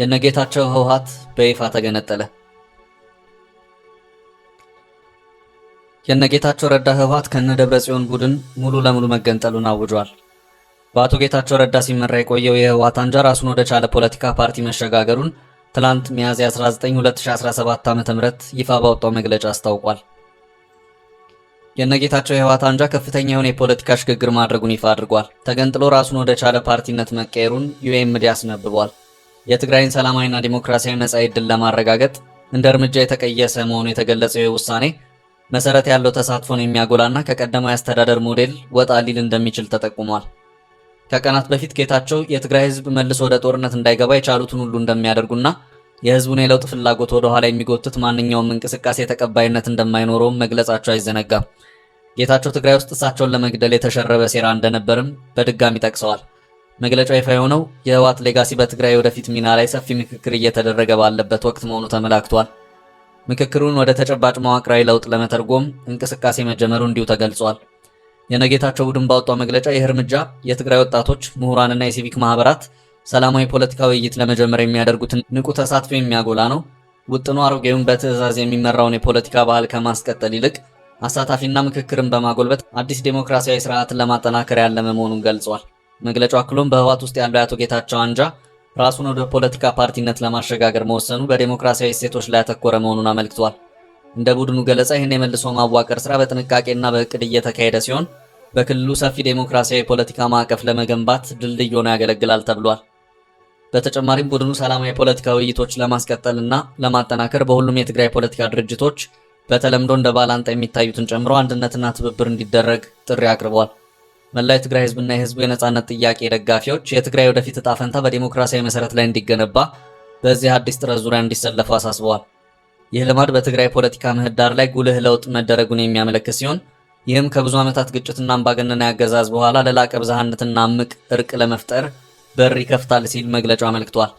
የነጌታቸው ህውሃት በይፋ ተገነጠለ። የነጌታቸው ረዳ ህወሓት ከነደብረ ጽዮን ቡድን ሙሉ ለሙሉ መገንጠሉን አውጇል። በአቶ ጌታቸው ረዳ ሲመራ የቆየው የህውሃት አንጃ ራሱን ወደ ቻለ ፖለቲካ ፓርቲ መሸጋገሩን ትላንት ሚያዝያ 19 2017 ዓ.ም ይፋ ባወጣው መግለጫ አስታውቋል። የነጌታቸው የህወሓት አንጃ ከፍተኛ የሆነ የፖለቲካ ሽግግር ማድረጉን ይፋ አድርጓል። ተገንጥሎ ራሱን ወደ ቻለ ፓርቲነት መቀየሩን ዩኤምዲ አስነብቧል። የትግራይን ሰላማዊና ዲሞክራሲያዊ መጻኢ ዕድል ለማረጋገጥ እንደ እርምጃ የተቀየሰ መሆኑ የተገለጸው የውሳኔ መሰረት ያለው ተሳትፎን የሚያጎላና ከቀደማ አስተዳደር ሞዴል ወጣ ሊል እንደሚችል ተጠቁሟል። ከቀናት በፊት ጌታቸው የትግራይ ህዝብ መልሶ ወደ ጦርነት እንዳይገባ የቻሉትን ሁሉ እንደሚያደርጉና የህዝቡን የለውጥ ፍላጎት ወደ ኋላ የሚጎትት ማንኛውም እንቅስቃሴ ተቀባይነት እንደማይኖረውም መግለጻቸው አይዘነጋም። ጌታቸው ትግራይ ውስጥ እሳቸውን ለመግደል የተሸረበ ሴራ እንደነበርም በድጋሚ ጠቅሰዋል። መግለጫው ይፋ የሆነው የህወሓት ሌጋሲ በትግራይ ወደፊት ሚና ላይ ሰፊ ምክክር እየተደረገ ባለበት ወቅት መሆኑ ተመላክቷል። ምክክሩን ወደ ተጨባጭ መዋቅራዊ ለውጥ ለመተርጎም እንቅስቃሴ መጀመሩ እንዲሁ ተገልጿል። የነጌታቸው ቡድን ባወጣው መግለጫ ይህ እርምጃ የትግራይ ወጣቶች፣ ምሁራንና የሲቪክ ማህበራት ሰላማዊ ፖለቲካ ውይይት ለመጀመር የሚያደርጉትን ንቁ ተሳትፎ የሚያጎላ ነው። ውጥኑ አሮጌውን በትዕዛዝ የሚመራውን የፖለቲካ ባህል ከማስቀጠል ይልቅ አሳታፊና ምክክርን በማጎልበት አዲስ ዴሞክራሲያዊ ስርዓትን ለማጠናከር ያለመ መሆኑን ገልጿል። መግለጫው አክሎም በህወሓት ውስጥ ያለው የአቶ ጌታቸው አንጃ ራሱን ወደ ፖለቲካ ፓርቲነት ለማሸጋገር መወሰኑ በዴሞክራሲያዊ እሴቶች ላይ ያተኮረ መሆኑን አመልክቷል። እንደ ቡድኑ ገለጻ ይህን የመልሶ ማዋቀር ስራ በጥንቃቄና በእቅድ እየተካሄደ ሲሆን በክልሉ ሰፊ ዴሞክራሲያዊ ፖለቲካ ማዕቀፍ ለመገንባት ድልድይ ሆኖ ያገለግላል ተብሏል። በተጨማሪም ቡድኑ ሰላማዊ የፖለቲካ ውይይቶች ለማስቀጠልና ለማጠናከር በሁሉም የትግራይ ፖለቲካ ድርጅቶች በተለምዶ እንደ ባላንጣ የሚታዩትን ጨምሮ አንድነትና ትብብር እንዲደረግ ጥሪ አቅርቧል። መላው የትግራይ ህዝብና የህዝቡ የነጻነት ጥያቄ ደጋፊዎች የትግራይ ወደፊት እጣ ፈንታ በዲሞክራሲያዊ መሰረት ላይ እንዲገነባ በዚህ አዲስ ጥረት ዙሪያ እንዲሰለፉ አሳስበዋል። ይህ ልማድ በትግራይ ፖለቲካ ምህዳር ላይ ጉልህ ለውጥ መደረጉን የሚያመለክት ሲሆን ይህም ከብዙ ዓመታት ግጭትና አምባገነን ያገዛዝ በኋላ ለላቀ ብዝሃነትና እምቅ እርቅ ለመፍጠር በር ይከፍታል ሲል መግለጫው አመልክቷል።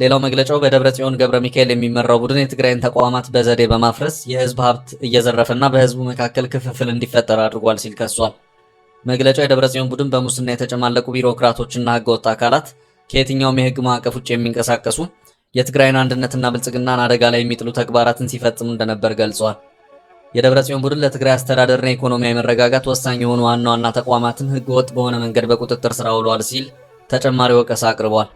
ሌላው መግለጫው በደብረ ጽዮን ገብረ ሚካኤል የሚመራው ቡድን የትግራይን ተቋማት በዘዴ በማፍረስ የህዝብ ሀብት እየዘረፈና በህዝቡ መካከል ክፍፍል እንዲፈጠር አድርጓል ሲል ከሷል። መግለጫው የደብረጽዮን ቡድን በሙስና የተጨማለቁ ቢሮክራቶችና ህገወጥ አካላት ከየትኛውም የህግ ማዕቀፍ ውጭ የሚንቀሳቀሱ የትግራይን አንድነትና ብልጽግናን አደጋ ላይ የሚጥሉ ተግባራትን ሲፈጽሙ እንደነበር ገልጿል። የደብረጽዮን ቡድን ለትግራይ አስተዳደርና ኢኮኖሚያዊ መረጋጋት ወሳኝ የሆኑ ዋና ዋና ተቋማትን ህገወጥ በሆነ መንገድ በቁጥጥር ስራ ውሏል ሲል ተጨማሪ ወቀሳ አቅርቧል።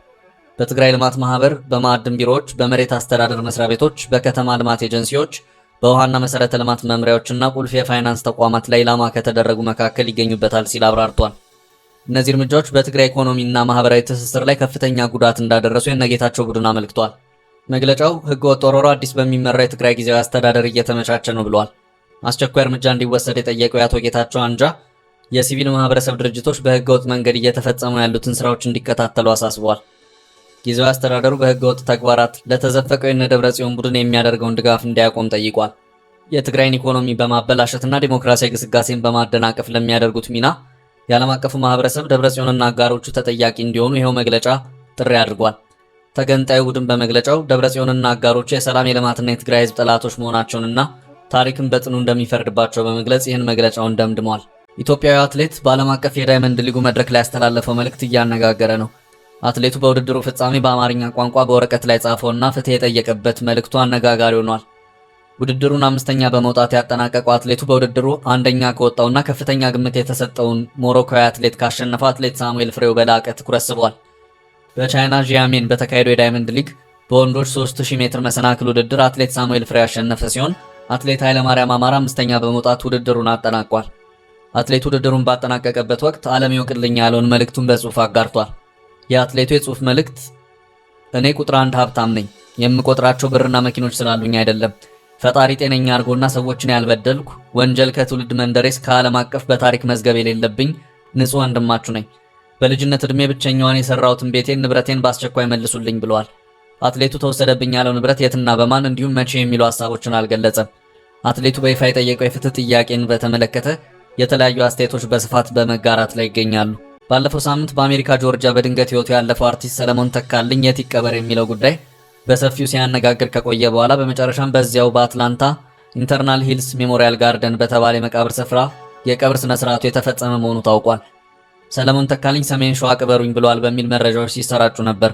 በትግራይ ልማት ማህበር፣ በማዕድን ቢሮዎች፣ በመሬት አስተዳደር መስሪያ ቤቶች፣ በከተማ ልማት ኤጀንሲዎች በውሃና መሰረተ ልማት መምሪያዎችና ቁልፍ የፋይናንስ ተቋማት ላይ ኢላማ ከተደረጉ መካከል ይገኙበታል ሲል አብራርቷል። እነዚህ እርምጃዎች በትግራይ ኢኮኖሚና ማህበራዊ ትስስር ላይ ከፍተኛ ጉዳት እንዳደረሱ የነጌታቸው ቡድን አመልክቷል። መግለጫው ወጥ ወረሮ አዲስ በሚመራው የትግራይ ጊዜያዊ አስተዳደር እየተመቻቸ ነው ብሏል። አስቸኳይ እርምጃ እንዲወሰድ የጠየቀው የአቶ ጌታቸው አንጃ የሲቪል ማህበረሰብ ድርጅቶች በህገወጥ መንገድ እየተፈጸሙ ያሉትን ስራዎች እንዲከታተሉ አሳስቧል። ጊዜያዊ አስተዳደሩ በህገ ወጥ ተግባራት ለተዘፈቀው የነደብረ ጽዮን ቡድን የሚያደርገውን ድጋፍ እንዲያቆም ጠይቋል። የትግራይን ኢኮኖሚ በማበላሸትና ዴሞክራሲያዊ ግስጋሴን በማደናቀፍ ለሚያደርጉት ሚና የዓለም አቀፉ ማህበረሰብ ደብረ ጽዮንና አጋሮቹ ተጠያቂ እንዲሆኑ ይኸው መግለጫ ጥሪ አድርጓል። ተገንጣዩ ቡድን በመግለጫው ደብረ ጽዮንና አጋሮቹ የሰላም የልማትና የትግራይ ህዝብ ጠላቶች መሆናቸውንና ታሪክን በጥኑ እንደሚፈርድባቸው በመግለጽ ይህን መግለጫውን ደምድሟል። ኢትዮጵያዊ አትሌት በዓለም አቀፍ የዳይመንድ ሊጉ መድረክ ላይ ያስተላለፈው መልእክት እያነጋገረ ነው። አትሌቱ በውድድሩ ፍጻሜ በአማርኛ ቋንቋ በወረቀት ላይ ጻፈውና ፍትህ የጠየቀበት መልእክቱ አነጋጋሪ ሆኗል። ውድድሩን አምስተኛ በመውጣት ያጠናቀቀው አትሌቱ በውድድሩ አንደኛ ከወጣውና ከፍተኛ ግምት የተሰጠውን ሞሮኮዊ አትሌት ካሸነፈው አትሌት ሳሙኤል ፍሬው በላቀ ትኩረት ስቧል። በቻይና ዢያሜን በተካሄደው የዳይመንድ ሊግ በወንዶች 3000 ሜትር መሰናክል ውድድር አትሌት ሳሙኤል ፍሬው ያሸነፈ ሲሆን አትሌት ኃይለማርያም አማራ አምስተኛ በመውጣት ውድድሩን አጠናቋል። አትሌት ውድድሩን ባጠናቀቀበት ወቅት ዓለም ይወቅልኝ ያለውን መልእክቱን በጽሑፍ አጋርቷል። የአትሌቱ የጽሑፍ መልእክት እኔ ቁጥር አንድ ሀብታም ነኝ። የምቆጥራቸው ብርና መኪኖች ስላሉኝ አይደለም። ፈጣሪ ጤነኛ አድርጎና ሰዎችን ያልበደልኩ ወንጀል ከትውልድ መንደሬስ ከዓለም አቀፍ በታሪክ መዝገብ የሌለብኝ ንጹሕ ወንድማችሁ ነኝ። በልጅነት ዕድሜ ብቸኛዋን የሠራሁትን ቤቴን ንብረቴን በአስቸኳይ መልሱልኝ ብለዋል። አትሌቱ ተወሰደብኝ ያለው ንብረት የትና በማን እንዲሁም መቼ የሚሉ ሀሳቦችን አልገለጸም። አትሌቱ በይፋ የጠየቀው የፍትህ ጥያቄን በተመለከተ የተለያዩ አስተያየቶች በስፋት በመጋራት ላይ ይገኛሉ። ባለፈው ሳምንት በአሜሪካ ጆርጂያ በድንገት ህይወቱ ያለፈው አርቲስት ሰለሞን ተካልኝ የት ይቀበር የሚለው ጉዳይ በሰፊው ሲያነጋግር ከቆየ በኋላ በመጨረሻም በዚያው በአትላንታ ኢንተርናል ሂልስ ሜሞሪያል ጋርደን በተባለ የመቃብር ስፍራ የቀብር ስነ ስርዓቱ የተፈጸመ መሆኑ ታውቋል። ሰለሞን ተካልኝ ሰሜን ሸዋ ቅበሩኝ ብለዋል በሚል መረጃዎች ሲሰራጩ ነበር።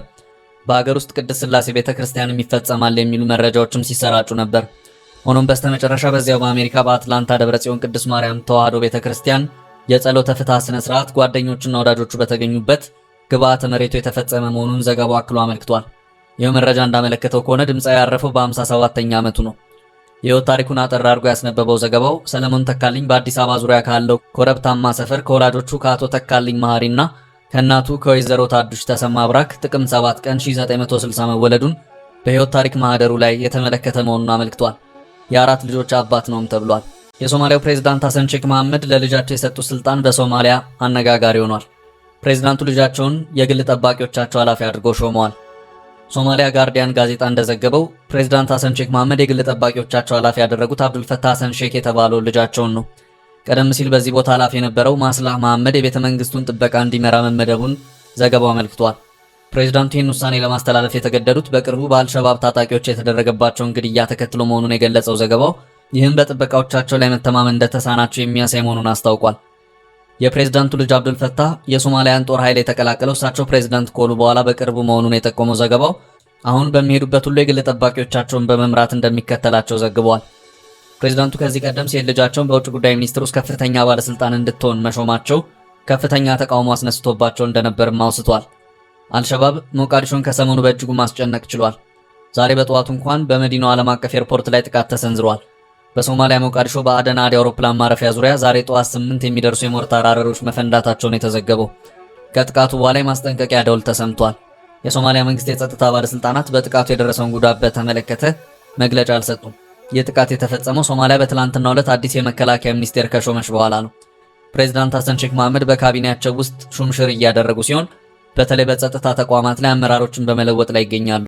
በሀገር ውስጥ ቅድስት ስላሴ ቤተ ክርስቲያንም ይፈጸማል የሚሉ መረጃዎችም ሲሰራጩ ነበር። ሆኖም በስተመጨረሻ በዚያው በአሜሪካ በአትላንታ ደብረ ጽዮን ቅድስት ማርያም ተዋህዶ ቤተ ክርስቲያን የጸሎተ ፍትሐት ስነ ስርዓት ጓደኞቹና ወዳጆቹ በተገኙበት ግብዓተ መሬቱ የተፈጸመ መሆኑን ዘገባው አክሎ አመልክቷል። ይህ መረጃ እንዳመለከተው ከሆነ ድምፃዊ ያረፈው በ57ኛ ዓመቱ ነው። የሕይወት ታሪኩን አጠር አድርጎ ያስነበበው ዘገባው ሰለሞን ተካልኝ በአዲስ አበባ ዙሪያ ካለው ኮረብታማ ሰፈር ከወላጆቹ ከአቶ ተካልኝ መሐሪና ከእናቱ ከወይዘሮ ታዱሽ ተሰማ ብራክ ጥቅምት 7 ቀን 1960 መወለዱን በህይወት ታሪክ ማህደሩ ላይ የተመለከተ መሆኑን አመልክቷል። የአራት ልጆች አባት ነውም ተብሏል። የሶማሊያው ፕሬዝዳንት ሐሰን ሼክ መሐመድ ለልጃቸው የሰጡት ስልጣን በሶማሊያ አነጋጋሪ ሆኗል። ፕሬዝዳንቱ ልጃቸውን የግል ጠባቂዎቻቸው ኃላፊ አድርገው ሾመዋል። ሶማሊያ ጋርዲያን ጋዜጣ እንደዘገበው ፕሬዝዳንት ሐሰን ሼክ መሐመድ የግል ጠባቂዎቻቸው ኃላፊ ያደረጉት አብዱልፈታ ሐሰን ሼክ የተባለው ልጃቸውን ነው። ቀደም ሲል በዚህ ቦታ ኃላፊ የነበረው ማስላህ መሐመድ የቤተ መንግስቱን ጥበቃ እንዲመራ መመደቡን ዘገባው አመልክቷል። ፕሬዝዳንቱ ይህን ውሳኔ ለማስተላለፍ የተገደዱት በቅርቡ በአልሸባብ ታጣቂዎች የተደረገባቸውን ግድያ ተከትሎ መሆኑን የገለጸው ዘገባው ይህም በጥበቃዎቻቸው ላይ መተማመን እንደተሳናቸው የሚያሳይ መሆኑን አስታውቋል። የፕሬዝዳንቱ ልጅ አብዱልፈታህ የሶማሊያን ጦር ኃይል የተቀላቀለው እሳቸው ፕሬዝዳንት ከሆኑ በኋላ በቅርቡ መሆኑን የጠቆመው ዘገባው አሁን በሚሄዱበት ሁሉ የግል ጠባቂዎቻቸውን በመምራት እንደሚከተላቸው ዘግቧል። ፕሬዝዳንቱ ከዚህ ቀደም ሴት ልጃቸውን በውጭ ጉዳይ ሚኒስቴር ውስጥ ከፍተኛ ባለስልጣን እንድትሆን መሾማቸው ከፍተኛ ተቃውሞ አስነስቶባቸው እንደነበርም አውስቷል። አልሸባብ ሞቃዲሾን ከሰሞኑ በእጅጉ ማስጨነቅ ችሏል። ዛሬ በጠዋቱ እንኳን በመዲናው ዓለም አቀፍ ኤርፖርት ላይ ጥቃት ተሰንዝሯል። በሶማሊያ ሞቃዲሾ በአደን አዲ አውሮፕላን ማረፊያ ዙሪያ ዛሬ ጠዋት ስምንት የሚደርሱ የሞርታር አረሮች መፈንዳታቸውን የተዘገበው። ከጥቃቱ በኋላ የማስጠንቀቂያ ደውል ተሰምቷል። የሶማሊያ መንግስት የጸጥታ ባለስልጣናት በጥቃቱ የደረሰውን ጉዳት በተመለከተ መግለጫ አልሰጡም። ይህ ጥቃት የተፈጸመው ሶማሊያ በትላንትናው ዕለት አዲስ የመከላከያ ሚኒስቴር ከሾመች በኋላ ነው። ፕሬዚዳንት ሐሰን ሼክ መሐመድ በካቢኔያቸው ውስጥ ሹምሽር እያደረጉ ሲሆን በተለይ በጸጥታ ተቋማት ላይ አመራሮችን በመለወጥ ላይ ይገኛሉ።